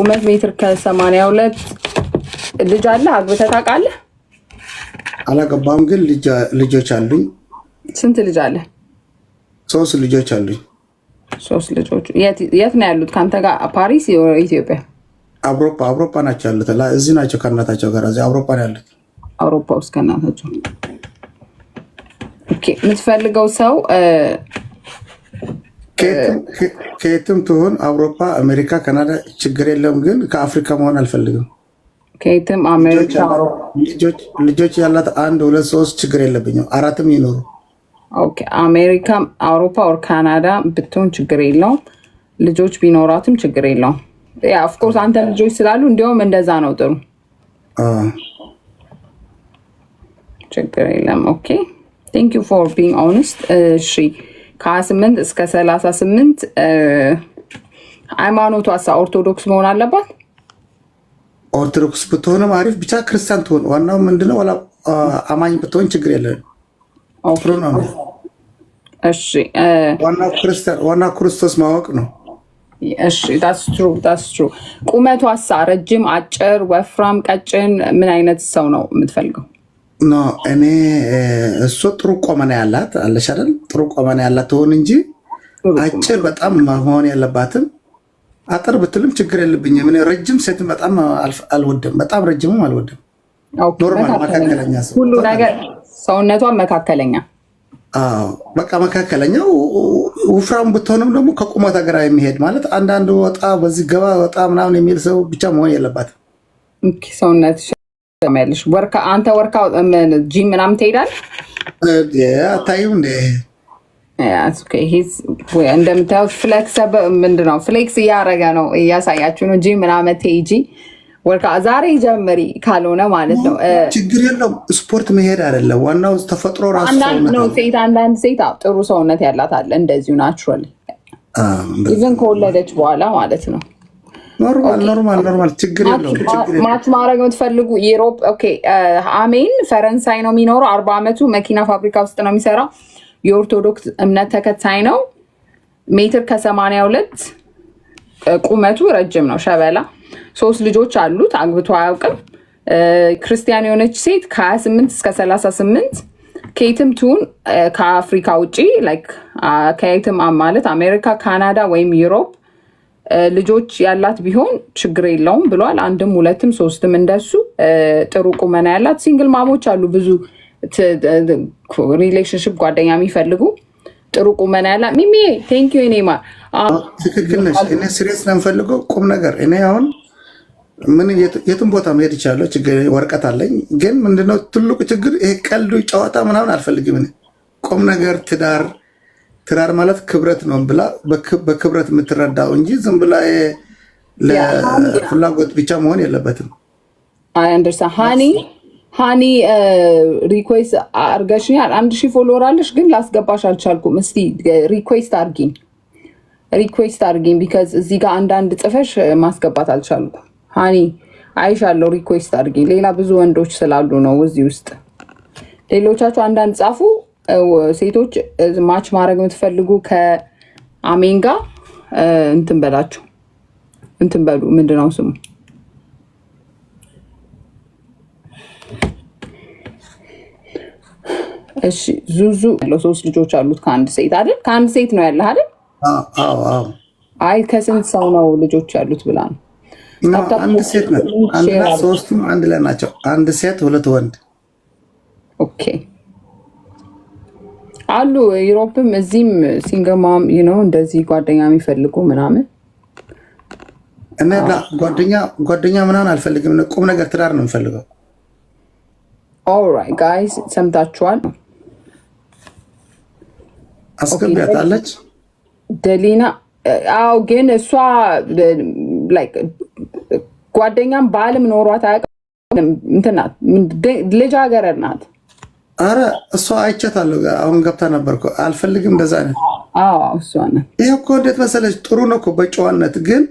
ቁመት ሜትር ከሰማንያ ሁለት ልጅ አለ። አግብተህ ታውቃለህ? አላገባም፣ ግን ልጆች አሉኝ። ስንት ልጅ አለ? ሶስት ልጆች አሉኝ። ሶስት ልጆች የት ነው ያሉት? ከአንተ ጋር ፓሪስ፣ ኢትዮጵያ፣ አውሮፓ? አውሮፓ ናቸው ያሉት። እዚህ ናቸው ከእናታቸው ጋር እዚህ አውሮፓ ነው ያሉት። አውሮፓ ውስጥ ከእናታቸው የምትፈልገው ሰው ከየትም ትሁን አውሮፓ፣ አሜሪካ፣ ካናዳ ችግር የለውም፣ ግን ከአፍሪካ መሆን አልፈልግም። ከየትም አሜሪካ ልጆች ያላት አንድ ሁለት ሶስት ችግር የለብኝም። አራትም ይኖሩ አሜሪካ፣ አውሮፓ ወር ካናዳ ብትሆን ችግር የለውም። ልጆች ቢኖራትም ችግር የለውም። ኦፍኮርስ አንተ ልጆች ስላሉ እንዲያውም እንደዛ ነው ጥሩ ችግር የለም። ኦኬ ቴንክ ዩ ፎር ቢንግ ኦነስት። እሺ ከ28 እስከ 38 ሃይማኖቷ አሳ ኦርቶዶክስ መሆን አለባት። ኦርቶዶክስ ብትሆንም አሪፍ ብቻ ክርስቲያን ትሆን፣ ዋናው ምንድነው ወላ አማኝ ብትሆን ችግር የለም። ዋና ክርስቶስ ማወቅ ነው። ቁመቷ ሳ ረጅም፣ አጭር፣ ወፍራም፣ ቀጭን ምን አይነት ሰው ነው የምትፈልገው? ኖ እኔ እሱ ጥሩ ቆመና ያላት አለሽ አይደል? ጥሩ ቆመና ያላት ትሆን እንጂ አጭር በጣም መሆን ያለባትም አጠር ብትልም ችግር የለብኝም። እኔ ረጅም ሴት በጣም አልወደም፣ በጣም ረጅምም አልወደም። ኖርማል መካከለኛ ሁሉ ነገር ሰውነቷን መካከለኛ በቃ መካከለኛ ውፍራም ብትሆንም ደግሞ ከቁመት ሀገራ የሚሄድ ማለት አንዳንድ ወጣ በዚህ ገባ ወጣ ምናምን የሚል ሰው ብቻ መሆን የለባትም ሰውነት ያለሽ ወርካ አንተ ወርካ ጂም ምናምን ትሄዳል አታይም እንዴ? እንደምታዩት ፍለክሰብ ምንድን ነው ፍሌክስ እያረገ ነው እያሳያችሁ ነው። ጂ ምናምን ትሄጂ ወርካ ዛሬ ጀምሪ ካልሆነ ማለት ነው ችግር የለውም። ስፖርት መሄድ አይደለም ዋናው ተፈጥሮ ራሱ ሴት አንዳንድ ሴት ጥሩ ሰውነት ያላት አለ እንደዚሁ ናቹራል ኢቭን ከወለደች በኋላ ማለት ነው ኖርማል ኖርማል ኖርማል ችግር የለውም። ማች ማድረግ የምትፈልጉ ሮፕ uh, አሜን ፈረንሳይ ነው የሚኖረው። አርባ ዓመቱ መኪና ፋብሪካ ውስጥ ነው የሚሰራው። የኦርቶዶክስ እምነት ተከታይ ነው። ሜትር ከሰማንያ ሁለት ቁመቱ ረጅም ነው። ሸበላ ሶስት ልጆች አሉት። አግብቶ አያውቅም። uh, ክርስቲያን የሆነች ሴት ከ28 እስከ 38 ከየትም ቱን uh, ከአፍሪካ ውጪ ከየትም ማለት አሜሪካ፣ ካናዳ ወይም ዩሮፕ ልጆች ያላት ቢሆን ችግር የለውም ብሏል። አንድም ሁለትም ሶስትም እንደሱ ጥሩ ቁመና ያላት ሲንግል ማሞች አሉ ብዙ ሪሌሽንሽፕ ጓደኛ የሚፈልጉ ጥሩ ቁመና ያላት ሚሚ ቴንክ ዩ ኔማ ትክክል ነሽ። እኔ ስሬት ስለምፈልገው ቁም ነገር እኔ አሁን ምን የትም ቦታ መሄድ ይቻለሁ። ችግር ወረቀት አለኝ። ግን ምንድነው ትልቁ ችግር? ይሄ ቀልዱ ጨዋታ ምናምን አልፈልግም። ቁም ነገር ትዳር ክራር ማለት ክብረት ነው ብላ በክብረት የምትረዳው እንጂ ዝም ብላ ለፍላጎት ብቻ መሆን የለበትም። አንደርሳ ሃኒ ሃኒ ሪኩዌስት አርገሽኛል። አንድ ሺህ ፎሎወር አለሽ ግን ላስገባሽ አልቻልኩም። እስቲ ሪኩዌስት አርጊኝ፣ ሪኩዌስት አርጊኝ ቢካዝ እዚህ ጋር አንዳንድ ጽፈሽ ማስገባት አልቻልኩም። ሃኒ አይሻለሁ፣ ሪኩዌስት አርጊኝ። ሌላ ብዙ ወንዶች ስላሉ ነው እዚህ ውስጥ ሌሎቻችሁ አንዳንድ ጻፉ። ሴቶች ማች ማድረግ የምትፈልጉ ከአሜን ጋር እንትን በላችሁ እንትን በሉ ምንድን ነው ስሙ? እሺ ዙዙ ያለው ሶስት ልጆች አሉት ከአንድ ሴት አይደል? ከአንድ ሴት ነው ያለህ አይደል? አይ ከስንት ሰው ነው ልጆች ያሉት ብላ ነው። አንድ ሴት ነው። ሶስቱም አንድ ላይ ናቸው። አንድ ሴት፣ ሁለት ወንድ። ኦኬ አሉ ዩሮፕም እዚህም ሲንገማም ነው እንደዚህ ጓደኛ የሚፈልጉ ምናምን ጓደኛ ጓደኛ ምናምን አልፈልግም። ቁም ነገር ትዳር ነው የምፈልገው። ኦልራይት ጋይስ ሰምታችኋል። አስገቢያታለች ደሊና። አዎ ግን እሷ ጓደኛም ባልም ኖሯት አያውቅም። እንትን ናት ልጃገረድ ናት። አረ እሷ አይቻታለሁ። አሁን ገብታ ነበር አልፈልግም። እንደዛ ነ ይህ እኮ እንዴት መሰለች ጥሩ ነው እኮ በጨዋነት ግን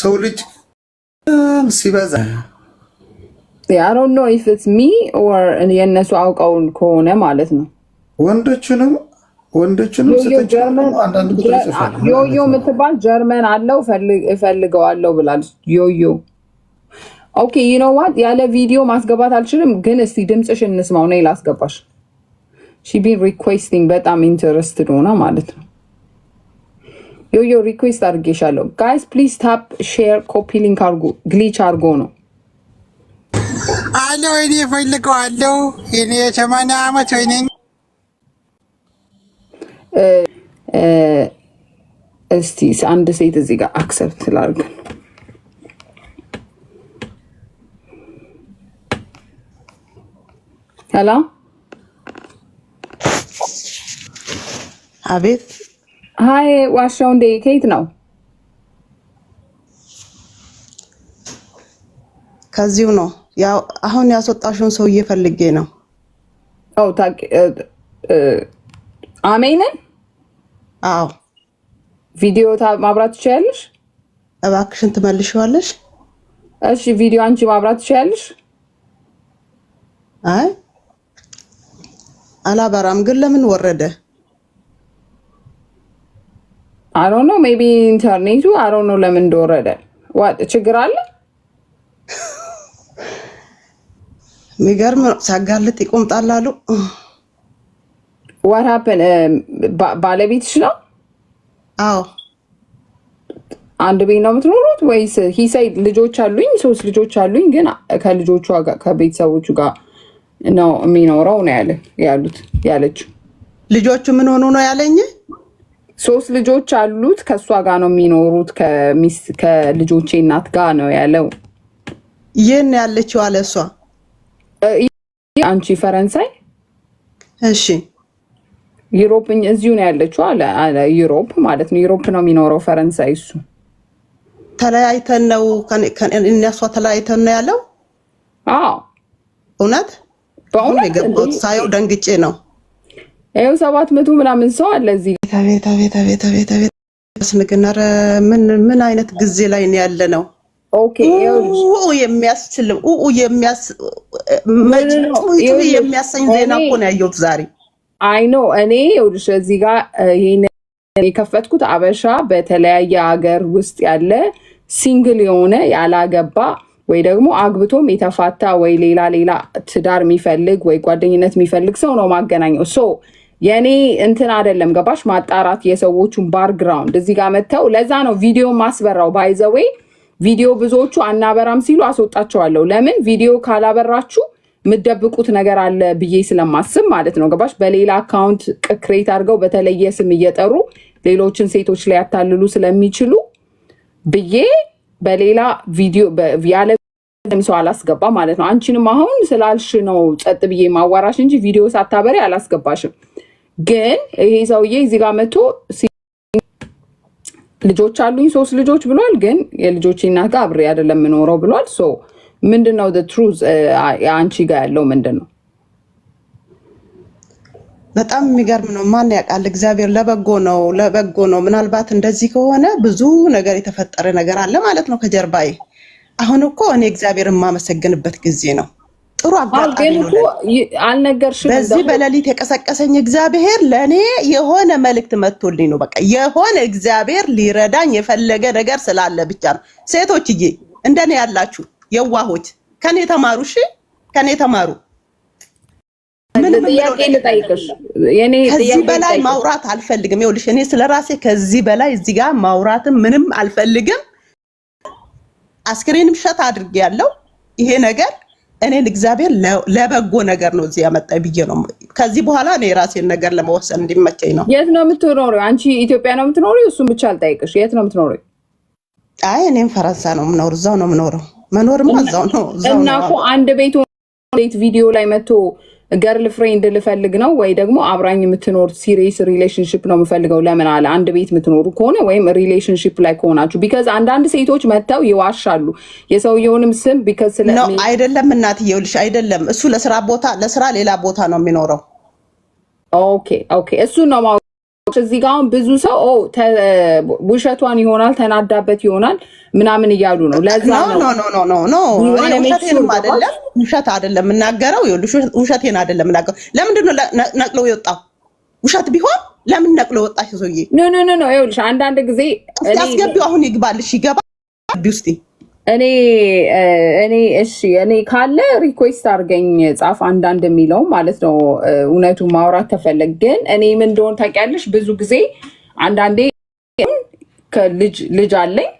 ሰው ልጅ ሲበዛ ሚ የእነሱ አውቀውን ከሆነ ማለት ነው ወንዶቹንም ወንዶቹንም ዮዮ የምትባል ጀርመን አለው እፈልገዋለሁ ብላለች ዮዮ ኦኬ ዩ ኖ ዋት ያለ ቪዲዮ ማስገባት አልችልም፣ ግን እስቲ ድምፅሽ እንስማው። ነይ ላስገባሽ። ሺ ቢን ሪኩዌስቲንግ በጣም ኢንተረስትድ ሆና ማለት ነው። ዮዮ ሪኩዌስት አድርጌሻለሁ። ጋይስ ፕሊዝ ታፕ ሼር ኮፒ ሊንክ አድርጎ ግሊች አድርጎ ነው አለው። እኔ እፈልገዋለሁ። እኔ የሰማንያ ዓመት ወይ እስቲ አንድ ሴት እዚህ ጋር አክሰፕት ላድርገን ሄሎ አቤት። ሀይ ዋሻው እንዴ ከየት ነው? ከዚሁ ነው። ያው አሁን ያስወጣሽውን ሰው ፈልጌ ነው። አሜንን አዎ፣ ቪዲዮ ማብራት ትችያለሽ? እባክሽን ትመልሺዋለሽ? እሺ፣ ቪዲዮ አንቺ ማብራት ትችያለሽ? አይ አላባራም ግን ለምን ወረደ? አሮ ነው ሜቢ ኢንተርኔቱ አሮ ነው ለምን እንደወረደ ችግር አለ። ሚገርም ነው። ይቆምጣላሉ። ዋት ሀፕን ባለቤትሽ ነው? አዎ አንድ ቤት ነው የምትኖሩት ወይስ? ሂሳይ ልጆች አሉኝ፣ ሶስት ልጆች አሉኝ። ግን ከልጆቹ ከቤተሰቦቹ ጋር ነው የሚኖረው ነው ያለ ያሉት ያለችው። ልጆቹ ምን ሆኑ ነው ያለኝ። ሶስት ልጆች አሉት ከእሷ ጋር ነው የሚኖሩት ከልጆቼ እናት ጋር ነው ያለው። ይህን ያለችው አለ እሷ አንቺ ፈረንሳይ እሺ ዩሮፕ እዚሁ ነው ያለችው አለ ዩሮፕ ማለት ነው። ዩሮፕ ነው የሚኖረው ፈረንሳይ እሱ ተለያይተን ነው እነሷ ተለያይተን ነው ያለው። አዎ እውነት በአሁኑ የገባሁት ሳየው ደንግጬ ነው። ይኸው ሰባት መቶ ምናምን ሰው አለ እዚህ ስንግን። ኧረ ምን ምን አይነት ጊዜ ላይ ነው ያለ ነው የሚያስችልም የሚያሰኝ ዜና እኮ ነው ያየሁት ዛሬ። አይ ኖ እኔ ይኸውልሽ እዚህ ጋር ይሄን የከፈትኩት አበሻ በተለያየ ሀገር ውስጥ ያለ ሲንግል የሆነ ያላገባ ወይ ደግሞ አግብቶም የተፋታ ወይ ሌላ ሌላ ትዳር የሚፈልግ ወይ ጓደኝነት የሚፈልግ ሰው ነው ማገናኘው። ሶ የእኔ እንትን አይደለም ገባሽ? ማጣራት የሰዎቹን ባርግራውንድ እዚህ ጋር መጥተው ለዛ ነው ቪዲዮ ማስበራው። ባይዘወይ ቪዲዮ ብዙዎቹ አናበራም ሲሉ አስወጣቸዋለሁ። ለምን ቪዲዮ ካላበራችሁ የምደብቁት ነገር አለ ብዬ ስለማስብ ማለት ነው። ገባሽ? በሌላ አካውንት ቅክሬት አድርገው በተለየ ስም እየጠሩ ሌሎችን ሴቶች ላይ ያታልሉ ስለሚችሉ ብዬ በሌላ ቪዲዮ ያለ አንድም ሰው አላስገባ ማለት ነው። አንቺንም አሁን ስላልሽ ነው ጸጥ ብዬ ማዋራሽ እንጂ ቪዲዮ ሳታበሪ አላስገባሽም። ግን ይሄ ሰውዬ እዚህ ጋር መቶ ልጆች አሉኝ ሶስት ልጆች ብሏል። ግን የልጆች እናት ጋር አብሬ አይደለም የምኖረው ብሏል። ሶ ምንድን ነው ትሩዝ አንቺ ጋር ያለው ምንድን ነው? በጣም የሚገርም ነው። ማን ያውቃል? እግዚአብሔር ለበጎ ነው፣ ለበጎ ነው። ምናልባት እንደዚህ ከሆነ ብዙ ነገር የተፈጠረ ነገር አለ ማለት ነው ከጀርባዬ አሁን እኮ እኔ እግዚአብሔር የማመሰግንበት ጊዜ ነው። ጥሩ አጋጣሚ በዚህ በሌሊት የቀሰቀሰኝ እግዚአብሔር ለእኔ የሆነ መልእክት መጥቶልኝ ነው። በቃ የሆነ እግዚአብሔር ሊረዳኝ የፈለገ ነገር ስላለ ብቻ ነው። ሴቶችዬ እንደኔ ያላችሁ የዋሆች ከኔ ተማሩ፣ እሺ ከኔ ተማሩ። ከዚህ በላይ ማውራት አልፈልግም። ይኸውልሽ እኔ ስለራሴ ከዚህ በላይ እዚህ ጋር ማውራትም ምንም አልፈልግም። አስክሬንም ሸት አድርጌ ያለው ይሄ ነገር እኔን እግዚአብሔር ለበጎ ነገር ነው እዚህ ያመጣ ብዬ ነው። ከዚህ በኋላ እኔ የራሴን ነገር ለመወሰን እንዲመቸኝ ነው። የት ነው የምትኖሪው? አንቺ ኢትዮጵያ ነው የምትኖሪው? እሱም ብቻ አልጠይቅሽ። የት ነው የምትኖሪው? አይ እኔም ፈረንሳ ነው የምኖር፣ እዛው ነው የምኖረው። መኖርማ እዛው ነው። እና እኮ አንድ ቤት ቤት ቪዲዮ ላይ መጥቶ ገርል ፍሬንድ ልፈልግ ነው ወይ ደግሞ አብራኝ የምትኖር ሲሪየስ ሪሌሽንሽፕ ነው የምፈልገው። ለምን አለ አንድ ቤት የምትኖሩ ከሆነ ወይም ሪሌሽንሽፕ ላይ ከሆናችሁ፣ ቢካዝ አንዳንድ ሴቶች መጥተው ይዋሻሉ የሰውየውንም ስም ቢካዝ ስለ አይደለም እናት ልሽ አይደለም እሱ ለስራ ቦታ ለስራ ሌላ ቦታ ነው የሚኖረው። ኦኬ ኦኬ እሱ ነው እዚህ ጋር አሁን ብዙ ሰው ውሸቷን ይሆናል ተናዳበት ይሆናል ምናምን እያሉ ነው። ለዛ ነው ውሸት አይደለም የምናገረው፣ ውሸቴን አይደለም የምናገረው። ለምንድን ነው ነቅሎ የወጣው? ውሸት ቢሆን ለምን ነቅሎ ወጣሽ? ሰውዬ ኖ ኖ ኖ። ይኸውልሽ አንዳንድ ጊዜ አስገቢው አሁን ይግባልሽ፣ ይገባ ውስጥ እኔ እኔ እሺ እኔ ካለ ሪኩዌስት አድርገኝ ጻፍ፣ አንዳንድ የሚለው ማለት ነው። እውነቱ ማውራት ተፈለግ ግን እኔ ምን እንደሆነ ታውቂያለሽ፣ ብዙ ጊዜ አንዳንዴ ልጅ ልጅ አለኝ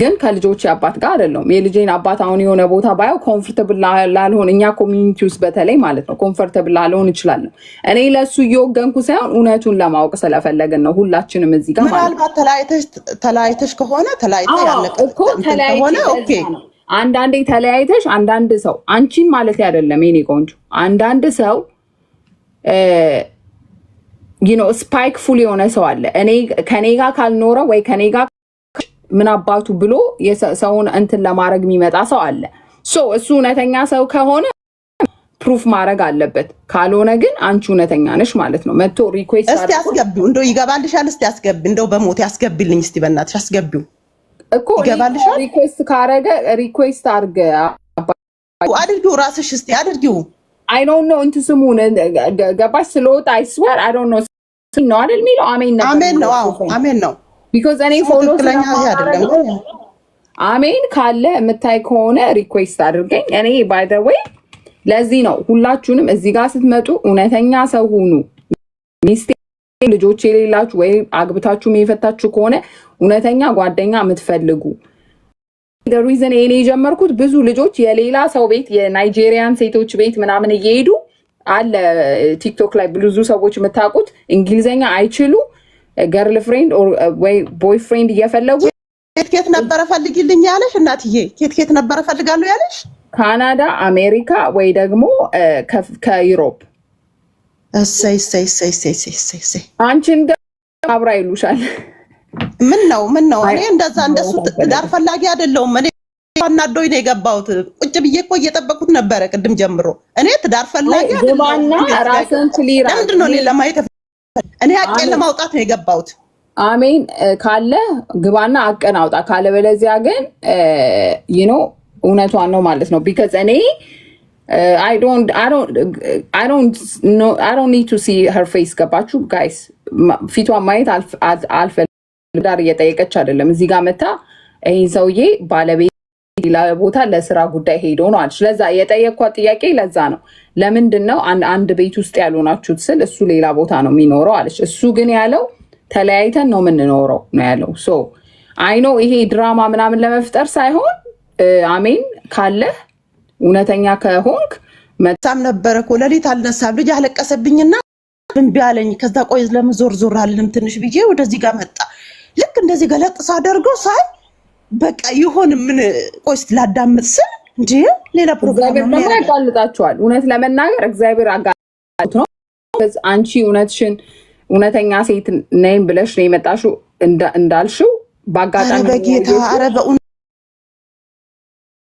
ግን ከልጆች አባት ጋር አይደለሁም። የልጄን አባት አሁን የሆነ ቦታ ባየው ኮንፈርተብል ላልሆን እኛ ኮሚኒቲ ውስጥ በተለይ ማለት ነው ኮንፈርተብል ላልሆን ይችላል። እኔ ለእሱ እየወገንኩ ሳይሆን እውነቱን ለማወቅ ስለፈለግን ነው ሁላችንም እዚህ ጋር ምናልባት ተለያይተሽ ከሆነ ተለያይተ ያለቀ ከሆነ ኦኬ አንዳንዴ ተለያይተሽ አንዳንድ ሰው አንቺን ማለት አይደለም የኔ ቆንጆ፣ አንዳንድ ሰው ስፓይክፉል የሆነ ሰው አለ። እኔ ከኔ ጋር ካልኖረ ወይ ከኔ ጋር ምን አባቱ ብሎ ሰውን እንትን ለማድረግ የሚመጣ ሰው አለ። ሶ እሱ እውነተኛ ሰው ከሆነ ፕሩፍ ማድረግ አለበት። ካልሆነ ግን አንቺ እውነተኛ ነሽ ማለት ነው። መቶ ሪኩዌስት እስቲ አስገቢው፣ እንደው ይገባልሻል። እስቲ አስገቢ፣ እንደው በሞት ያስገቢልኝ እስቲ በእናትሽ አስገቢው እኮ ይገባልሻል። ሪኩዌስት ካረገ ሪኩዌስት አርገ አድርጊው፣ ራስሽ እስቲ አድርጊው። አይ ዶንት ኖ እንትን ስሙን ገባሽ ስለወጣ አይስወር አይ ዶንት ኖ ነው አይደል የሚለው። አሜን ነው፣ አሜን ነው። ቢኮዝ እኔ ፎሎ አሜን ካለ የምታይ ከሆነ ሪኩዌስት አድርገኝ። እኔ ባይ ዘ ዌይ ለዚህ ነው ሁላችሁንም እዚህ ጋር ስትመጡ እውነተኛ ሰው ሁኑ። ሚስቴ ልጆች የሌላችሁ ወይ አግብታችሁ የፈታችሁ ከሆነ እውነተኛ ጓደኛ የምትፈልጉ ሪዝን ይሄን የጀመርኩት ብዙ ልጆች የሌላ ሰው ቤት የናይጄሪያን ሴቶች ቤት ምናምን እየሄዱ አለ ቲክቶክ ላይ ብዙ ሰዎች የምታውቁት እንግሊዝኛ አይችሉ ገርል ፍሬንድ uh, ወይ ቦይ ፍሬንድ እየፈለጉ ኬት ኬት ነበረ ፈልጊልኝ ያለሽ እናትዬ? ኬት ኬት ነበረ ፈልጋለሁ ያለሽ? ካናዳ፣ አሜሪካ ወይ ደግሞ ከዩሮፕ። እሰይ እሰይ እሰይ እሰይ እሰይ እሰይ። አንቺ እንደ አብራ ይሉሻል። ምን ነው ምን ነው? እኔ እንደዛ እንደሱ ትዳር ፈላጊ አይደለሁም። እኔ አናዶኝ ነው የገባሁት። ቁጭ ብዬ እኮ እየጠበቁት ነበረ ቅድም ጀምሮ። እኔ ትዳር ፈላጊ አይደለሁም። ለምንድን ነው እኔ ለማየት እኔ አቄን ለማውጣት ነው የገባሁት። አሜን ካለ ግባና አቀን አውጣ፣ በለዚያ ግን ይኖ እውነቷን ነው ማለት ነው። ቢከዝ እኔ አይ ኒድ ቱ ሲ ሄር ፌስ ገባችሁ ጋይስ። ፊቷን ማየት አልፈ ዳር እየጠየቀች አይደለም እዚህ ጋር መታ ይህን ሰውዬ ባለቤት ሌላ ቦታ ለስራ ጉዳይ ሄዶ ነው አለች። ለዛ የጠየኳት ጥያቄ ለዛ ነው። ለምንድን ነው አንድ ቤት ውስጥ ያልሆናችሁት ስል እሱ ሌላ ቦታ ነው የሚኖረው አለች። እሱ ግን ያለው ተለያይተን ነው የምንኖረው ነው ያለው። ሶ አይኖ ይሄ ድራማ ምናምን ለመፍጠር ሳይሆን አሜን ካለህ እውነተኛ ከሆንክ መሳም ነበረ እኮ ለሊት አልነሳም። ልጅ አለቀሰብኝና እምቢ አለኝ። ከዛ ቆይ ለምን ዞር ዞር አልንም ትንሽ ብዬ ወደዚህ ጋር መጣ። ልክ እንደዚህ ገለጥ ሳደርገው ሳይ በቃ ይሆን ምን ቆይስ ላዳምጥ ስል እንዲ ሌላ ፕሮግራም ደግሞ ያጋልጣችኋል። እውነት ለመናገር እግዚአብሔር አጋልጥ ነው። አንቺ እውነትሽን እውነተኛ ሴት ነይም ብለሽ ነው የመጣሽው እንዳልሽው በአጋጣሚ በጌታ አረ በእውነት